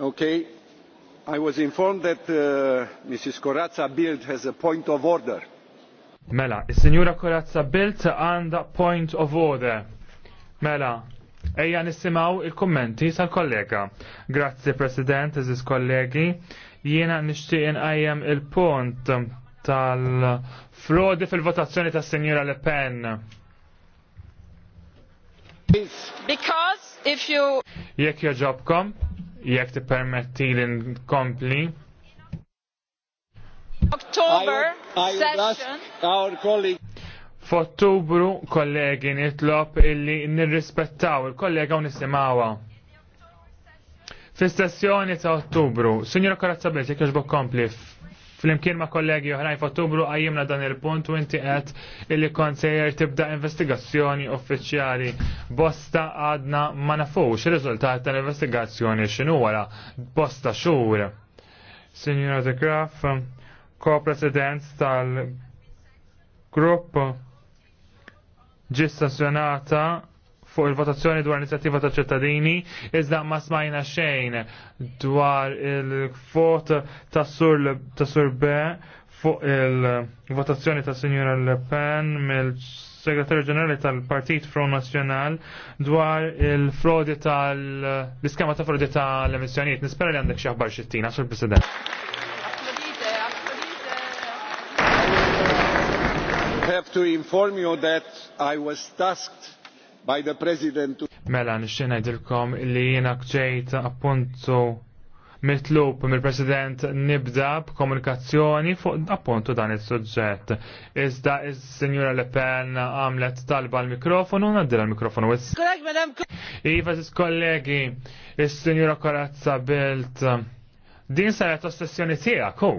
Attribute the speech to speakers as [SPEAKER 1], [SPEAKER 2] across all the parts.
[SPEAKER 1] Okay. I was informed that uh, Mrs. Corazza Bild has a point of order. Mela, is-Sinjura Corazza Bild and a point of order. Mela, Ejja nisimaw il-kommenti sal-kollega. Grazie, President, eżis kollegi. Jiena nixtieq inqajjem il-punt tal-frodi fil-votazzjoni ta' Signora Le Pen. Because if you... Jekk joġobkom, jekk ti permetti li nkompli. October session. F'Ottubru kollegi nitlob illi nirrispettaw il-kollega u nisimawa. Fis-sessjoni ta' Ottubru, Sinjora Karazza jekk jekk kompli Flimkien ma' kollegi oħrajn f'Ottubru għajjimna dan il-punt u inti qed illi konsejjer tibda investigazzjoni uffiċjali. Bosta għadna ma nafux ir-riżultat tal-investigazzjoni x'inhu wara bosta xhur. Signora De Graff, co president tal-grupp ġistazzjonata fuq il-votazzjoni dwar l-inizjattiva ta' ċittadini, iżda ma smajna xejn dwar il-kvot ta' sur, ta sur B fuq il-votazzjoni ta' Signora Le Pen mill-Segretarju Ġenerali tal-Partit Front Nazjonal dwar il-frodi tal-iskema ta' frodi tal-emissjonijiet. Nispera li għandek xi aħbar xittina, sur President. I have to inform you that I was tasked by the President. Mela, nixxin għedilkom li jena kċejt appuntu mitlub mill-President nibda b'komunikazzjoni fuq appuntu dan il suġġett Iżda is-Sinjura Le Pen għamlet talba l-mikrofonu, naddira l-mikrofonu. Iva, kollegi, is-Sinjura Korazza Bilt, din saret ossessjoni tiegħek hu.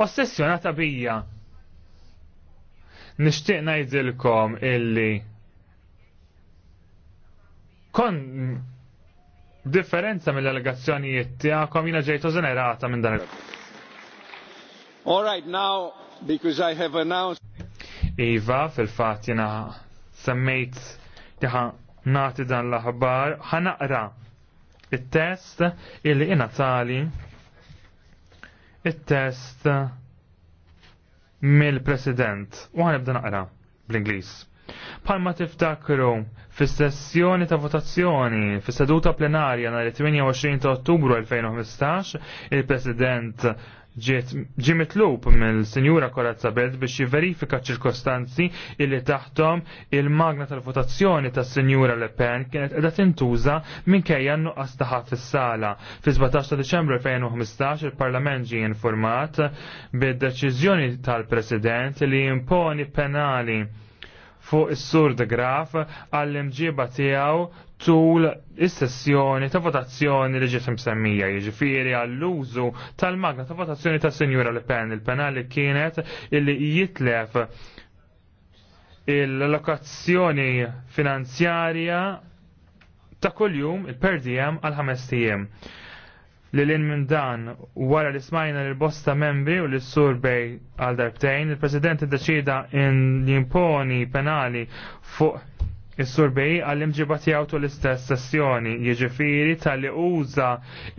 [SPEAKER 1] Ossessjonata bija. Nixtieq ngħidilkom illi kon differenza mill-allegazzjonijiet tiegħekom jiena ġejt ożenerata minn dan il- All right, now, because I have announced... Iva, fil-fat jena semmejt jħa nati dan l-ħabar, ħanaqra il-test illi jena tali il-test mill-president u ħanibda naqra bl-Inglis. Palma tiftakru fis-sessjoni ta' votazzjoni fis-seduta plenarja nhar 28 ta' Ottubru 2015 il-President ġi mitlub mill-Sinjura Korazza Belt biex jiverifika ċirkostanzi illi taħtom il-magna tal-votazzjoni tas Sinjura Le Pen kienet edha tintuża minkejja nuqqas taħat fis-sala. Fi 17 ta' Deċembru 2015 il-Parlament ġie informat bid-deċiżjoni tal-President li imponi penali fuq is-sur de Graf għall-imġiba tiegħu tul is-sessjoni ta' votazzjoni li ġiet msemmija, jiġifieri għall-użu tal-magna ta' votazzjoni ta' Sinjura Le Pen, il-penali kienet illi jitlef il-lokazzjoni finanzjarja ta' kuljum il-per diem għal ħames tiem li l minn dan wara li smajna l-bosta membri u l-sur bej għal darbtejn, il-president id-deċida jimponi penali fuq il-sur bej għall-imġiba għawtu l-istess sessjoni, jieġifiri tal-li uża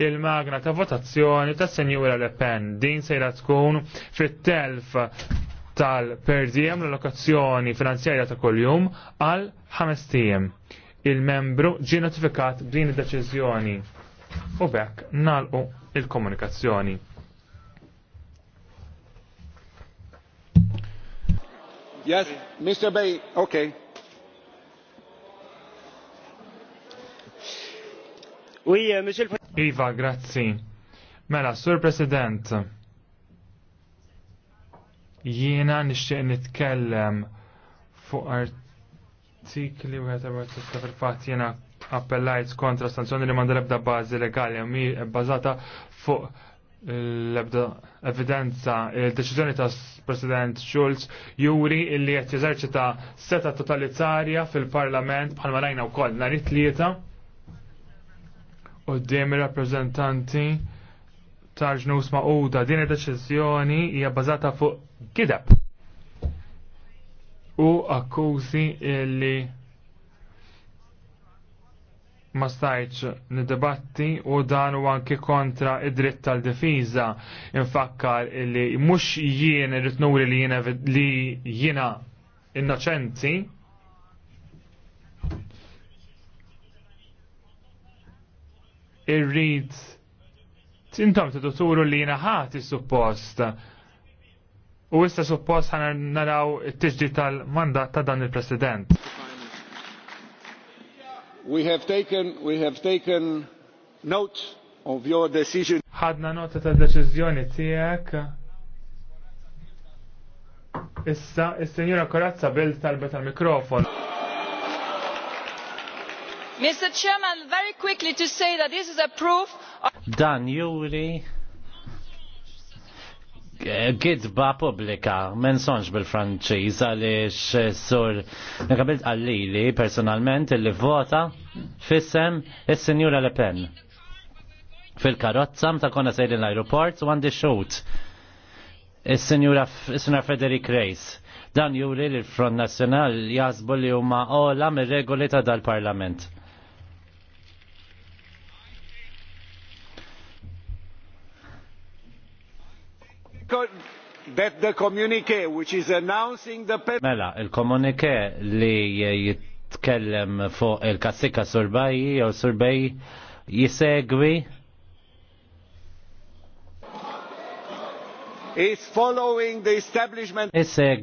[SPEAKER 1] il-magna ta' votazzjoni ta' senjura Le Pen. Din sejra tkun fit-telf tal-perdiem l-lokazzjoni finanzjarja ta' kol-jum għal ħamestijem. Il-membru ġi notifikat din id-deċizjoni u bekk nalqu il-komunikazzjoni. Yes, Mr. Bay, okay. Oui, euh, monsieur le Iva, grazzi. Mela, Sur President, jiena nixtieq nitkellem fuq artikli u għetabart fil fatt jiena appellajt kontra sanzjoni li l ebda bazi legali għammi bazata fuq l-ebda evidenza il-deċizjoni ta' President Schulz juri li qed jeżerċita seta totalitarja fil-Parlament bħalma rajna wkoll nhar it-tlieta qudiem ir-rappreżentanti tal-ġnus ma'uda din id-deċiżjoni hija bbażata fuq gideb u akkużi li ma stajċ nidebatti u dan u anki kontra id-dritt tal-difiża infakkar li mhux jien irrid nuri li jiena li jiena innoċenti irrid intom tituturu li jiena ħati suppost u issa suppost ħana naraw it-tiġdi tal-mandat ta' dan il-President. We have taken, we have taken note of your decision. Ħadna nota ta' deċiżjoni tiegħek. Issa, is-Sinjura Korazza Bild talbet tal-mikrofon. Mr. Chairman, very quickly to say that this is a proof of... Dan Juri, gidba publika men sonx bil-Franċiż għaliex eh, sur nekabilt għallili personalment illi vota fissem is-Sinjura Le Pen fil-karozza mta konna sejdin l-aeroport u għandi xut. Is-senjura Frederick Reis. Dan juri li l-Front Nazzjonal jazbu li huma ola mir-regoli ta' dal-Parlament. that the communique which is announcing the Mela, il communique li jitkellem fuq il-kassika surbaj jew surbej jisegwi is following the establishment is